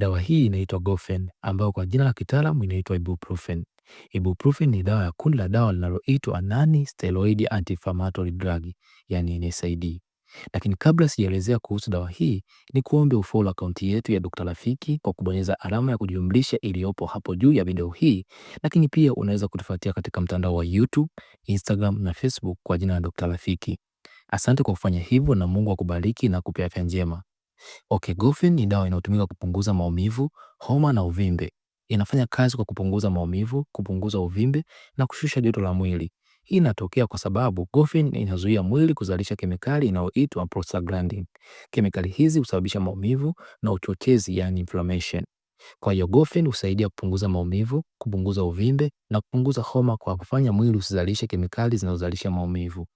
Dawa hii inaitwa Gofen ambayo kwa jina la kitaalamu inaitwa Ibuprofen. Ibuprofen ni dawa ya kundi la dawa linaloitwa non-steroid anti-inflammatory drug, yani NSAID. Lakini kabla sijaelezea kuhusu dawa hii, ni kuombe ufollow akaunti yetu ya Dr. Rafiki kwa kubonyeza alama ya kujumlisha iliyopo hapo juu ya video hii, lakini pia unaweza kutufuatia katika mtandao wa YouTube, Instagram na Facebook kwa jina la Dr. Rafiki. Asante kwa kufanya hivyo na Mungu akubariki na kupe afya njema. Okegufen ni dawa inayotumika kupunguza maumivu, homa na uvimbe. Inafanya kazi kwa kupunguza maumivu, kupunguza uvimbe na kushusha joto la mwili. Hii inatokea kwa sababu Gofen inazuia mwili kuzalisha kemikali inayoitwa prostaglandin. Kemikali hizi husababisha maumivu na uchochezi, yani inflammation. Kwa hiyo Gofen husaidia kupunguza maumivu, kupunguza uvimbe na kupunguza homa kwa kufanya mwili usizalishe kemikali zinazozalisha maumivu.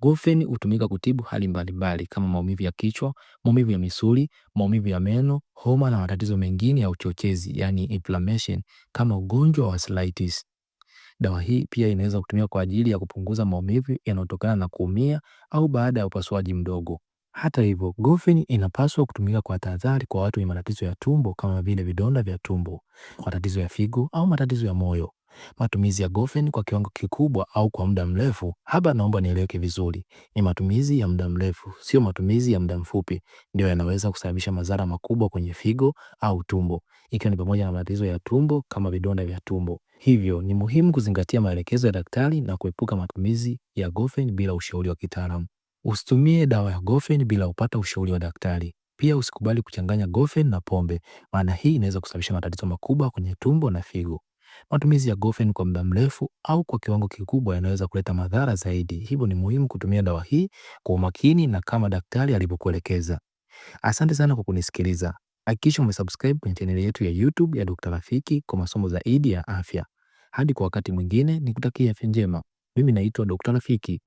Golfeni hutumika kutibu hali mbalimbali kama maumivu ya kichwa, maumivu ya misuli, maumivu ya meno, homa na matatizo mengine ya uchochezi yani inflammation kama ugonjwa wa arthritis. Dawa hii pia inaweza kutumika kwa ajili ya kupunguza maumivu yanayotokana na kuumia au baada ya upasuaji mdogo. Hata hivyo, Golfeni inapaswa kutumika kwa tahadhari kwa watu wenye matatizo ya tumbo kama vile vidonda vya tumbo, matatizo ya figo au matatizo ya moyo. Matumizi ya Gofen kwa kiwango kikubwa au kwa muda mrefu, hapa naomba nieleweke vizuri, ni matumizi ya muda mrefu, sio matumizi ya muda mfupi, ndio yanaweza kusababisha madhara makubwa kwenye figo au tumbo, ikiwa ni pamoja na matatizo ya tumbo kama vidonda vya tumbo. Hivyo ni muhimu kuzingatia maelekezo ya daktari na kuepuka matumizi ya Gofen bila ushauri wa kitaalamu. Usitumie dawa ya Gofen bila upata ushauri wa daktari. Pia usikubali kuchanganya Gofen na pombe, maana hii inaweza kusababisha matatizo makubwa kwenye tumbo na figo. Matumizi ya Gofen kwa muda mrefu au kwa kiwango kikubwa yanaweza kuleta madhara zaidi, hivyo ni muhimu kutumia dawa hii kwa umakini na kama daktari alivyokuelekeza. Asante sana kwa kunisikiliza. Hakikisha umesubscribe kwenye chaneli yetu ya YouTube ya Dr. Rafiki kwa masomo zaidi ya afya. Hadi kwa wakati mwingine, nikutakia afya njema. Mimi naitwa Dr. Rafiki.